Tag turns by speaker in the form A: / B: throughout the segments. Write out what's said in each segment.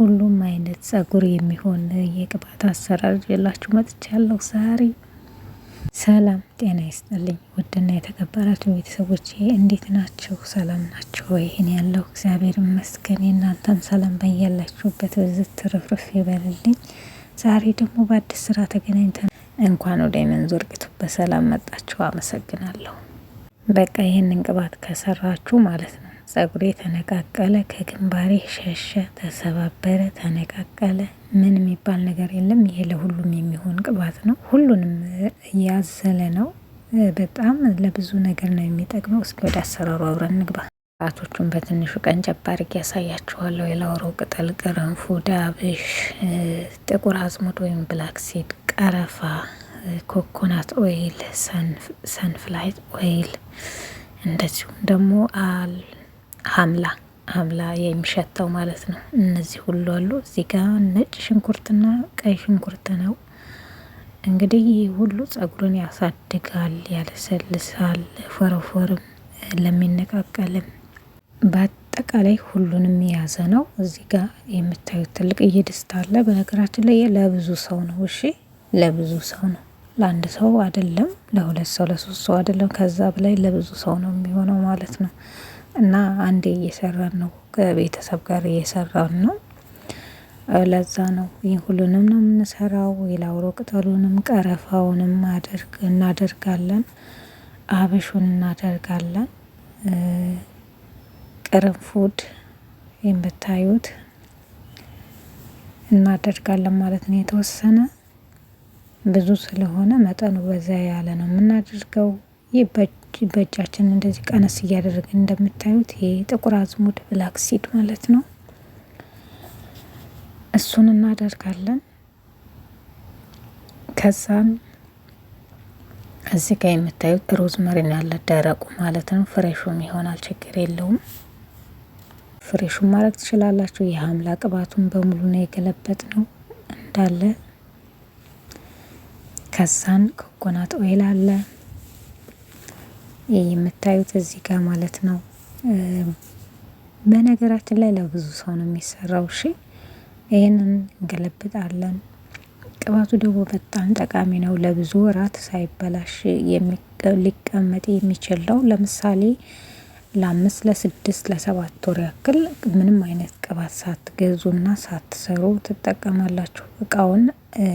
A: ሁሉም አይነት ጸጉር የሚሆን የቅባት አሰራር የላችሁ መጥቻ ያለው ዛሬ። ሰላም ጤና ይስጥልኝ ውድና የተከበራችሁ ቤተሰቦች እንዴት ናቸው? ሰላም ናቸው ወይ? እኔ ያለው እግዚአብሔር ይመስገን። እናንተም ሰላም በያላችሁበት ብዝት ትርፍርፍ ይበልልኝ። ዛሬ ደግሞ በአዲስ ስራ ተገናኝተን እንኳን ወደ መንዞር ቅቱ በሰላም መጣችሁ። አመሰግናለሁ። በቃ ይህንን ቅባት ከሰራችሁ ማለት ነው ጸጉሬ ተነቃቀለ፣ ከግንባሬ ሸሸ፣ ተሰባበረ፣ ተነቃቀለ። ምን የሚባል ነገር የለም። ይሄ ለሁሉም የሚሆን ቅባት ነው። ሁሉንም እያዘለ ነው። በጣም ለብዙ ነገር ነው የሚጠቅመው። እስኪ ወደ አሰራሩ አብረን እንግባ። ቅባቶቹን በትንሹ ቀን ጨባርግ ያሳያችኋለሁ። የላውሮ ቅጠል፣ ቅርንፉድ፣ ዳብሽ፣ ጥቁር አዝሙድ ወይም ብላክሲድ፣ ቀረፋ፣ ኮኮናት ኦይል፣ ሰንፍላይት ኦይል እንደዚሁም ደግሞ አል ሀምላ ሀምላ የሚሸተው ማለት ነው። እነዚህ ሁሉ አሉ። እዚህ ጋ ነጭ ሽንኩርትና ቀይ ሽንኩርት ነው። እንግዲህ ይህ ሁሉ ጸጉርን ያሳድጋል፣ ያለሰልሳል፣ ፎረፎርም ለሚነቃቀልም በአጠቃላይ ሁሉንም የያዘ ነው። እዚህ ጋ የምታዩት ትልቅ እየደስታ አለ። በነገራችን ላይ ለብዙ ሰው ነው። እሺ ለብዙ ሰው ነው። ለአንድ ሰው አይደለም፣ ለሁለት ሰው ለሶስት ሰው አይደለም። ከዛ በላይ ለብዙ ሰው ነው የሚሆነው ማለት ነው። እና አንዴ እየሰራን ነው፣ ከቤተሰብ ጋር እየሰራን ነው። ለዛ ነው ይህ ሁሉንም ነው የምንሰራው። የላውሮ ቅጠሉንም ቀረፋውንም እናደርጋለን፣ አብሹን እናደርጋለን፣ ቅርንፉድ የምታዩት እናደርጋለን ማለት ነው። የተወሰነ ብዙ ስለሆነ መጠኑ በዛ ያለ ነው የምናደርገው ይበ በእጃችን እንደዚህ ቀነስ እያደረግን እንደምታዩት ይሄ ጥቁር አዝሙድ ብላክ ሲድ ማለት ነው። እሱን እናደርጋለን። ከዛም እዚህ ጋር የምታዩት ሮዝመሪን ያለ ደረቁ ማለት ነው። ፍሬሹም ይሆናል፣ ችግር የለውም። ፍሬሹን ማድረግ ትችላላችሁ። የሀምላ ቅባቱን በሙሉ ነው የገለበጥ ነው እንዳለ። ከዛን ኮኮናት ኦይል አለ የምታዩት እዚህ ጋር ማለት ነው። በነገራችን ላይ ለብዙ ሰው ነው የሚሰራው። እሺ ይህንን እንገለብጣለን። ቅባቱ ደግሞ በጣም ጠቃሚ ነው። ለብዙ ወራት ሳይበላሽ ሊቀመጥ የሚችል ነው። ለምሳሌ ለአምስት ለስድስት ለሰባት ወር ያክል ምንም አይነት ቅባት ሳትገዙና ሳትሰሩ ትጠቀማላችሁ። እቃውን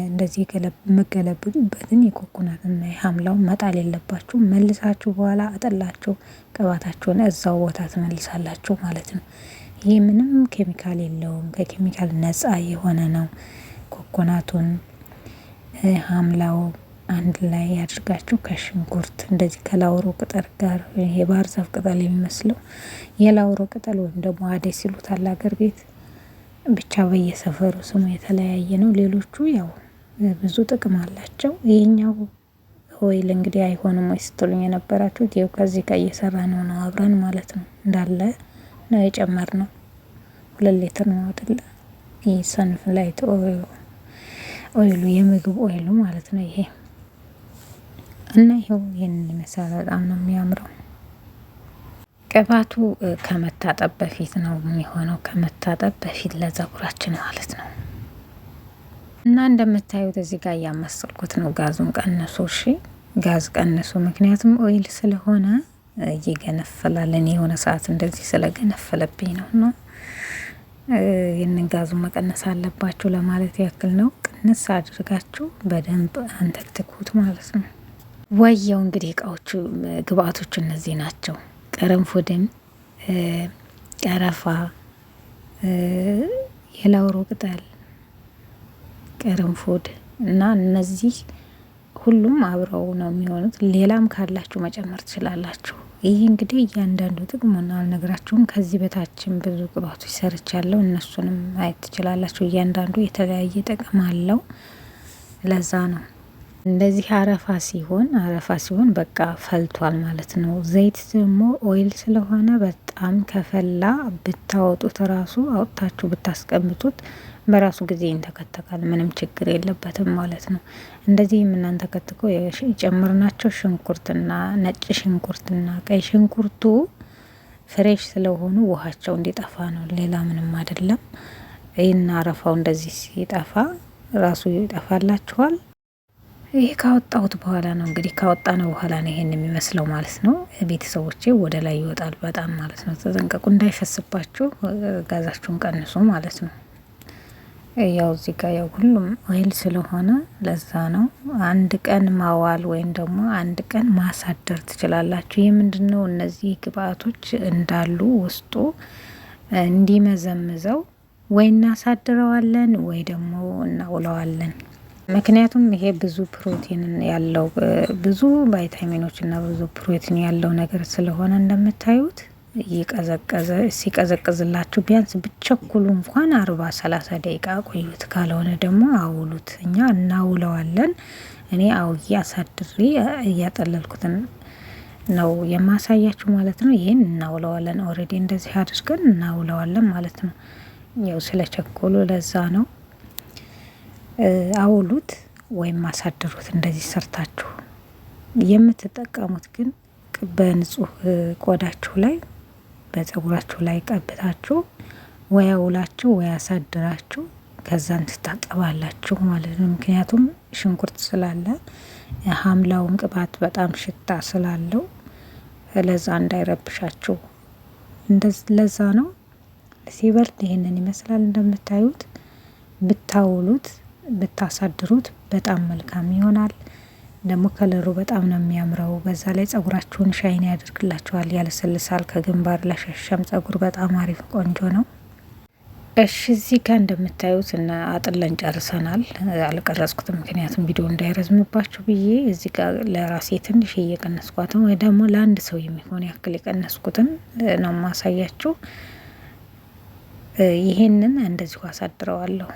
A: እንደዚህ የምገለብጡበትን የኮኮናትና የሀምላው መጣል የለባችሁ። መልሳችሁ በኋላ አጠላችሁ ቅባታችሁን እዛው ቦታ ትመልሳላችሁ ማለት ነው። ይህ ምንም ኬሚካል የለውም፣ ከኬሚካል ነፃ የሆነ ነው። ኮኮናቱን ሀምላው አንድ ላይ አድርጋችሁ ከሽንኩርት እንደዚህ ከላውሮ ቅጠል ጋር የባህር ዛፍ ቅጠል የሚመስለው የላውሮ ቅጠል ወይም ደግሞ አደይ ሲሉታል አገር ቤት ብቻ በየሰፈሩ ስሙ የተለያየ ነው። ሌሎቹ ያው ብዙ ጥቅም አላቸው። ይህኛው ኦይል እንግዲህ አይሆንም ወይ ስትሉኝ የነበራችሁት ይኸው ከዚህ ጋር እየሰራ ነው ነው አብረን ማለት ነው እንዳለ ነው የጨመር ነው። ሁለት ሌትር ነው አይደለ? ይህ ሰንፍ ሰንፍላይት ኦይሉ የምግብ ኦይሉ ማለት ነው ይሄ እና ይኸው ይህንን ይመስላል። በጣም ነው የሚያምረው። ቅባቱ ከመታጠብ በፊት ነው የሚሆነው፣ ከመታጠብ በፊት ለፀጉራችን ማለት ነው። እና እንደምታዩት እዚህ ጋር እያመሰልኩት ነው። ጋዙን ቀንሱ፣ እሺ ጋዝ ቀንሱ። ምክንያቱም ኦይል ስለሆነ እየገነፈላል። እኔ የሆነ ሰዓት እንደዚህ ስለገነፈለብኝ ነው ነው ይህንን ጋዙን መቀነስ አለባችሁ ለማለት ያክል ነው። ቅንስ አድርጋችሁ በደንብ አንተክትኩት ማለት ነው። ወየው እንግዲህ እቃዎቹ ግብአቶቹ እነዚህ ናቸው። ቅርንፉድም፣ ቀረፋ፣ የላውሮ ቅጠል፣ ቀረንፎድ እና እነዚህ ሁሉም አብረው ነው የሚሆኑት። ሌላም ካላችሁ መጨመር ትችላላችሁ። ይህ እንግዲህ እያንዳንዱ ጥቅሙን አልነግራችሁም። ከዚህ በታችን ብዙ ቅባቶች ሰርቻለሁ። እነሱንም ማየት ትችላላችሁ። እያንዳንዱ የተለያየ ጥቅም አለው። ለዛ ነው እንደዚህ አረፋ ሲሆን አረፋ ሲሆን በቃ ፈልቷል ማለት ነው። ዘይት ደግሞ ኦይል ስለሆነ በጣም ከፈላ ብታወጡት ራሱ አውጥታችሁ ብታስቀምጡት በራሱ ጊዜ ይንተከተካል። ምንም ችግር የለበትም ማለት ነው። እንደዚህ የምናንተከትከው የጨመርናቸው ሽንኩርትና ነጭ ሽንኩርትና ቀይ ሽንኩርቱ ፍሬሽ ስለሆኑ ውሃቸው እንዲጠፋ ነው። ሌላ ምንም አይደለም። ይህን አረፋው እንደዚህ ሲጠፋ ራሱ ይጠፋላችኋል። ይሄ ካወጣሁት በኋላ ነው እንግዲህ ካወጣ ነው በኋላ ነው ይሄን የሚመስለው ማለት ነው። ቤተሰቦቼ ወደ ላይ ይወጣል በጣም ማለት ነው። ተጠንቀቁ እንዳይፈስባችሁ፣ ጋዛችሁን ቀንሱ ማለት ነው። ያው እዚህ ጋር ያው ሁሉም ኦይል ስለሆነ ለዛ ነው። አንድ ቀን ማዋል ወይም ደግሞ አንድ ቀን ማሳደር ትችላላችሁ። ይህ ምንድን ነው? እነዚህ ግብአቶች እንዳሉ ውስጡ እንዲመዘምዘው ወይ እናሳድረዋለን ወይ ደግሞ እናውለዋለን። ምክንያቱም ይሄ ብዙ ፕሮቲን ያለው ብዙ ቫይታሚኖች እና ብዙ ፕሮቲን ያለው ነገር ስለሆነ እንደምታዩት እየቀዘቀዘ ሲቀዘቅዝላችሁ ቢያንስ ብቸኩሉ እንኳን አርባ ሰላሳ ደቂቃ ቆዩት። ካልሆነ ደግሞ አውሉት። እኛ እናውለዋለን። እኔ አውዬ አሳድሬ እያጠለልኩትን ነው የማሳያችሁ ማለት ነው። ይህን እናውለዋለን። ኦልሬዲ እንደዚህ አድርገን እናውለዋለን ማለት ነው። ያው ስለ ቸኮሉ ለዛ ነው አውሉት ወይም አሳድሩት። እንደዚህ ሰርታችሁ የምትጠቀሙት ግን በንጹህ ቆዳችሁ ላይ በጸጉራችሁ ላይ ቀብታችሁ ወይ አውላችሁ ወይ አሳድራችሁ ከዛን ትታጠባላችሁ ማለት ነው። ምክንያቱም ሽንኩርት ስላለ ሀምላውን ቅባት በጣም ሽታ ስላለው ለዛ እንዳይረብሻችሁ ለዛ ነው። ሲበርድ ይህንን ይመስላል እንደምታዩት ብታውሉት ብታሳድሩት በጣም መልካም ይሆናል። ደግሞ ከለሩ በጣም ነው የሚያምረው። በዛ ላይ ጸጉራችሁን ሻይን ያደርግላችኋል፣ ያለሰልሳል። ከግንባር ለሸሸም ጸጉር በጣም አሪፍ ቆንጆ ነው። እሺ እዚህ ጋር እንደምታዩት እና አጥለን ጨርሰናል። አልቀረጽኩትም ምክንያቱም ቪዲዮ እንዳይረዝምባችሁ ብዬ እዚህ ጋር ለራሴ ትንሽ እየቀነስኳትም ወይ ደግሞ ለአንድ ሰው የሚሆን ያክል የቀነስኩትን ነው ማሳያችሁ። ይሄንን እንደዚሁ አሳድረዋለሁ።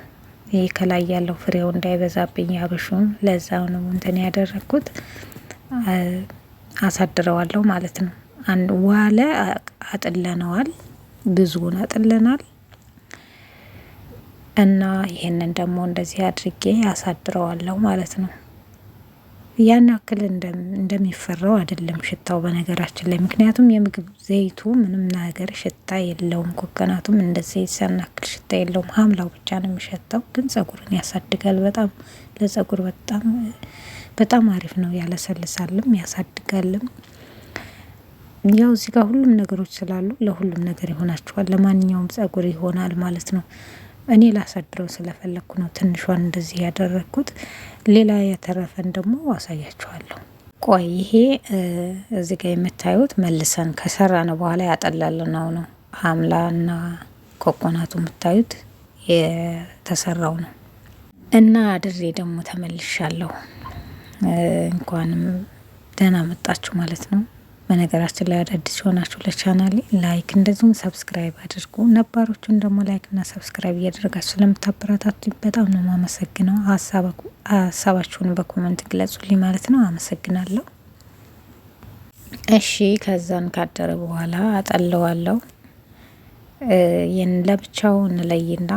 A: ይህ ከላይ ያለው ፍሬው እንዳይበዛብኝ ያብሹን ለዛው ነው እንትን ያደረግኩት አሳድረዋለሁ ማለት ነው። አንድ ዋለ አጥለነዋል፣ ብዙውን አጥለናል እና ይህንን ደግሞ እንደዚህ አድርጌ አሳድረዋለሁ ማለት ነው። ያን ያክል እንደሚፈራው አይደለም ሽታው በነገራችን ላይ። ምክንያቱም የምግብ ዘይቱ ምንም ነገር ሽታ የለውም። ኮኮናቱም እንደዚህ ሳናክል ሽታ የለውም። ሀምላው ብቻ ነው የሚሸታው፣ ግን ጸጉርን ያሳድጋል በጣም ለጸጉር በጣም በጣም አሪፍ ነው። ያለሰልሳልም ያሳድጋልም። ያው እዚህ ጋር ሁሉም ነገሮች ስላሉ ለሁሉም ነገር ይሆናችኋል። ለማንኛውም ጸጉር ይሆናል ማለት ነው። እኔ ላሳድረው ስለፈለግኩ ነው ትንሿን እንደዚህ ያደረግኩት። ሌላ የተረፈን ደግሞ አሳያችኋለሁ። ቆይ ይሄ እዚ ጋ የምታዩት መልሰን ነው በኋላ ያጠላል ነው። ሀምላና ኮኮናቱ የምታዩት የተሰራው ነው እና አድሬ ደግሞ ተመልሻለሁ። እንኳንም ደህና መጣችሁ ማለት ነው። በነገራችን ላይ አዳዲስ የሆናችሁ ለቻናል ላይክ እንደዚሁም ሰብስክራይብ አድርጉ። ነባሮቹን ደግሞ ላይክና ሰብስክራይብ እያደረጋችሁ ስለምታበረታቱ በጣም ነው ማመሰግነው። ሀሳባችሁን በኮመንት ግለጹልኝ ማለት ነው። አመሰግናለሁ። እሺ ከዛን ካደረ በኋላ አጠለዋለሁ። ይህን ለብቻው እንለይና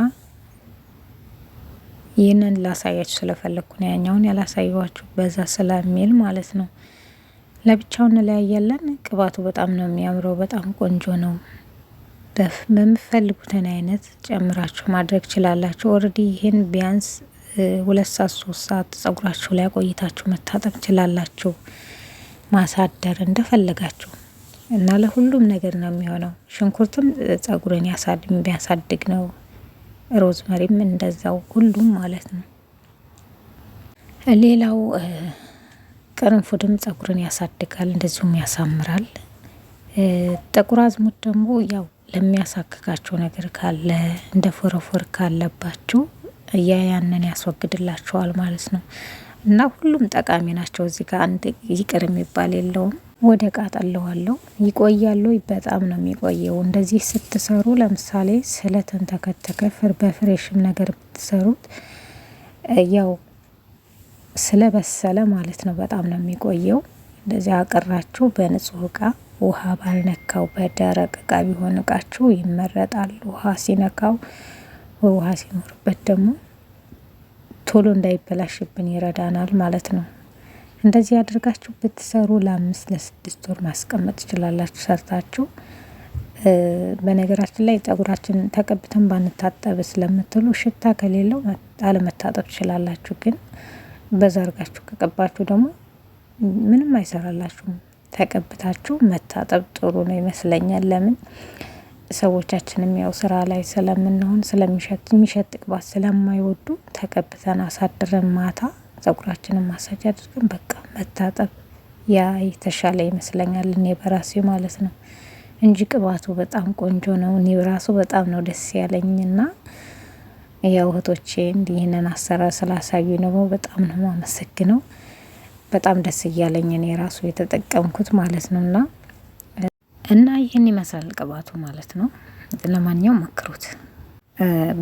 A: ይህንን ላሳያችሁ ስለፈለግኩ ነው ያኛውን ያላሳየኋችሁ በዛ ስለሚል ማለት ነው። ለብቻው እንለያያለን። ቅባቱ በጣም ነው የሚያምረው፣ በጣም ቆንጆ ነው። በምፈልጉትን አይነት ጨምራችሁ ማድረግ ችላላችሁ። ኦልሬዲ ይህን ቢያንስ ሁለት ሰዓት ሶስት ሰዓት ጸጉራችሁ ላይ ቆይታችሁ መታጠብ ችላላችሁ። ማሳደር እንደፈለጋችሁ እና ለሁሉም ነገር ነው የሚሆነው። ሽንኩርትም ጸጉርን ቢያሳድግ ነው፣ ሮዝመሪም እንደዛው፣ ሁሉም ማለት ነው። ሌላው ቅርንፉድም ጸጉርን ያሳድጋል፣ እንደዚሁም ያሳምራል። ጥቁር አዝሙድ ደግሞ ያው ለሚያሳክካቸው ነገር ካለ እንደ ፎረፎር ካለባችሁ እያ ያንን ያስወግድላቸዋል ማለት ነው። እና ሁሉም ጠቃሚ ናቸው። እዚህ ጋር አንድ ይቅር የሚባል የለውም። ወደ እቃ ጠለዋለሁ ይቆያሉ። በጣም ነው የሚቆየው። እንደዚህ ስትሰሩ ለምሳሌ ስለተንተከተከ በፍሬሽም ነገር ብትሰሩት ያው ስለበሰለ ማለት ነው። በጣም ነው የሚቆየው። እንደዚያ አቅራችሁ በንጹህ እቃ ውሃ ባልነካው በደረቅ እቃ ቢሆን እቃችሁ ይመረጣል። ውሃ ሲነካው ውሃ ሲኖርበት ደግሞ ቶሎ እንዳይበላሽብን ይረዳናል ማለት ነው። እንደዚህ አድርጋችሁ ብትሰሩ ለአምስት ለስድስት ወር ማስቀመጥ ትችላላችሁ ሰርታችሁ። በነገራችን ላይ ጸጉራችን ተቀብተን ባንታጠብ ስለምትሉ ሽታ ከሌለው አለመታጠብ ትችላላችሁ ግን በዛ አርጋችሁ ከቀባችሁ ደግሞ ምንም አይሰራላችሁም። ተቀብታችሁ መታጠብ ጥሩ ነው ይመስለኛል። ለምን ሰዎቻችንም ያው ስራ ላይ ስለምንሆን ስለሚሸት የሚሸት ቅባት ስለማይወዱ ተቀብተን አሳድረን ማታ ጸጉራችንን ማሳጅ አድርገን በቃ መታጠብ ያ የተሻለ ይመስለኛል። እኔ በራሴ ማለት ነው እንጂ ቅባቱ በጣም ቆንጆ ነው። እኔ በራሱ በጣም ነው ደስ ያለኝና ያው እህቶቼ እንዲህ ይህንን አሰራር ስላሳዩ ደግሞ በጣም ነው የማመሰግነው። በጣም ደስ እያለኝ እኔ ራሱ የተጠቀምኩት ማለት ነው እና እና ይህን ይመስላል ቅባቱ ማለት ነው። ለማንኛውም መክሩት።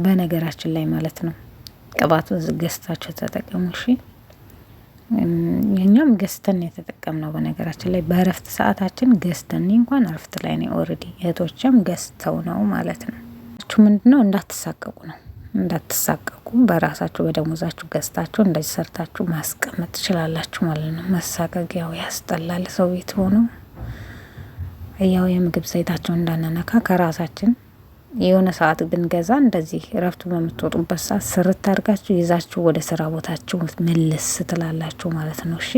A: በነገራችን ላይ ማለት ነው ቅባቱን ገዝታችሁ ተጠቀሙ። እሺ የኛም ገዝተን የተጠቀምነው በነገራችን ላይ በእረፍት ሰዓታችን ገዝተን እንኳን እረፍት ላይ ነው ኦልሬዲ እህቶችም ገዝተው ነው ማለት ነው። ምንድነው እንዳትሳቀቁ ነው እንዳትሳቀቁ። በራሳችሁ በደሞዛችሁ ገዝታችሁ እንደዚህ ሰርታችሁ ማስቀመጥ ትችላላችሁ ማለት ነው። መሳቀቅ ያው ያስጠላል። ሰው ቤት ሆኖ ያው የምግብ ዘይታቸው እንዳንነካ ከራሳችን የሆነ ሰዓት ብንገዛ እንደዚህ እረፍቱ በምትወጡበት ሰዓት ስርት አድርጋችሁ ይዛችሁ ወደ ስራ ቦታችሁ መልስ ትላላችሁ ማለት ነው። እሺ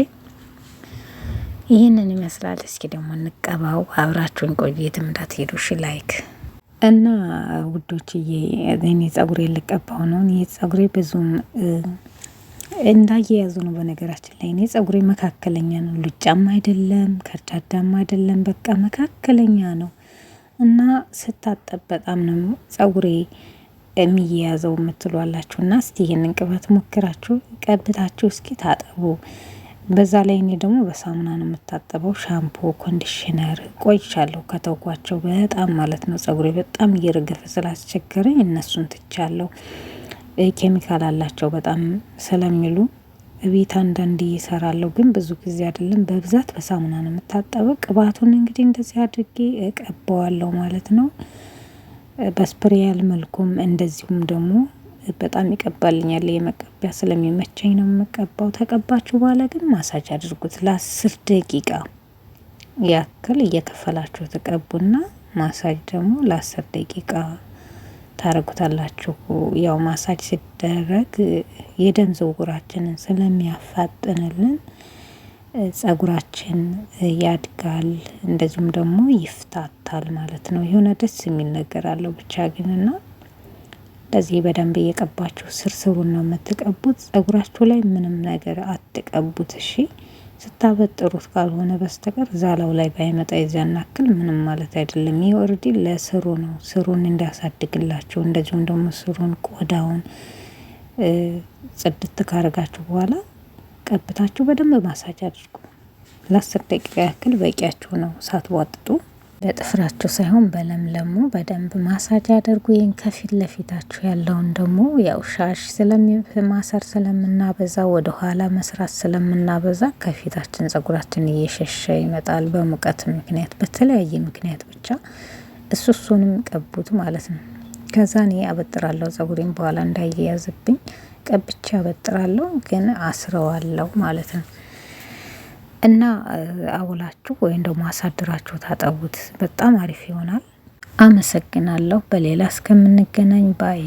A: ይህንን ይመስላል። እስኪ ደግሞ እንቀባው። አብራችሁን ቆየትም እንዳትሄዱ። እሺ ላይክ እና ውዶችዬ እኔ ጸጉሬ ልቀባው ነው። እኔ ጸጉሬ ብዙም እንዳያያዙ ነው። በነገራችን ላይ እኔ ጸጉሬ መካከለኛ ነው። ሉጫም አይደለም፣ ከርዳዳም አይደለም። በቃ መካከለኛ ነው እና ስታጠብ በጣም ነው ጸጉሬ የሚያያዘው የምትሏላችሁ እና እስቲ ይህንን ቅባት ሞክራችሁ ቀብታችሁ እስኪ ታጠቡ። በዛ ላይ እኔ ደግሞ በሳሙና ነው የምታጠበው። ሻምፖ ኮንዲሽነር ቆይቻለሁ ከተውኳቸው በጣም ማለት ነው። ጸጉሬ በጣም እየረገፈ ስላስቸገረኝ እነሱን ትቻለሁ። ኬሚካል አላቸው በጣም ስለሚሉ ቤት አንዳንድ እየሰራለሁ ግን ብዙ ጊዜ አይደለም። በብዛት በሳሙና ነው የምታጠበው። ቅባቱን እንግዲህ እንደዚህ አድርጌ እቀባዋለሁ ማለት ነው። በስፕሪያል መልኩም እንደዚሁም ደግሞ በጣም ይቀባልኛል። የመቀቢያ ስለሚመቸኝ ነው የምቀባው። ተቀባችሁ በኋላ ግን ማሳጅ አድርጉት ለአስር ደቂቃ ያክል እየከፈላችሁ ተቀቡና ማሳጅ ደግሞ ለአስር ደቂቃ ታደርጉታላችሁ። ያው ማሳጅ ሲደረግ የደም ዝውውራችንን ስለሚያፋጥንልን ጸጉራችን ያድጋል፣ እንደዚሁም ደግሞ ይፍታታል ማለት ነው። የሆነ ደስ የሚል ነገር አለው ብቻ ግንና። እንደዚህ በደንብ እየቀባችሁ ስርስሩን ነው የምትቀቡት። ጸጉራችሁ ላይ ምንም ነገር አትቀቡት እሺ። ስታበጥሩት ካልሆነ በስተቀር ዛላው ላይ ባይመጣ ይዘናክል ምንም ማለት አይደለም። ይህ ኦልሬዲ ለስሩ ነው፣ ስሩን እንዲያሳድግላቸው እንደዚሁም ደግሞ ስሩን ቆዳውን ጽድት ካረጋችሁ በኋላ ቀብታችሁ በደንብ ማሳጅ አድርጉ። ለአስር ደቂቃ ያክል በቂያችሁ ነው፣ ሳትቧጥጡ በጥፍራችሁ ሳይሆን በለምለሙ በደንብ ማሳጅ አድርጉ። ይህን ከፊት ለፊታችሁ ያለውን ደግሞ ያው ሻሽ ስለማሰር ስለምናበዛ ወደኋላ መስራት ስለምናበዛ ከፊታችን ጸጉራችን እየሸሸ ይመጣል። በሙቀት ምክንያት፣ በተለያየ ምክንያት ብቻ እሱ እሱንም ቀቡት ማለት ነው። ከዛ እኔ አበጥራለሁ ጸጉሬን በኋላ እንዳየያዝብኝ ቀብቼ አበጥራለሁ፣ ግን አስረዋለሁ ማለት ነው። እና አውላችሁ ወይም ደግሞ አሳድራችሁ ታጠቡት። በጣም አሪፍ ይሆናል። አመሰግናለሁ። በሌላ እስከምንገናኝ ባይ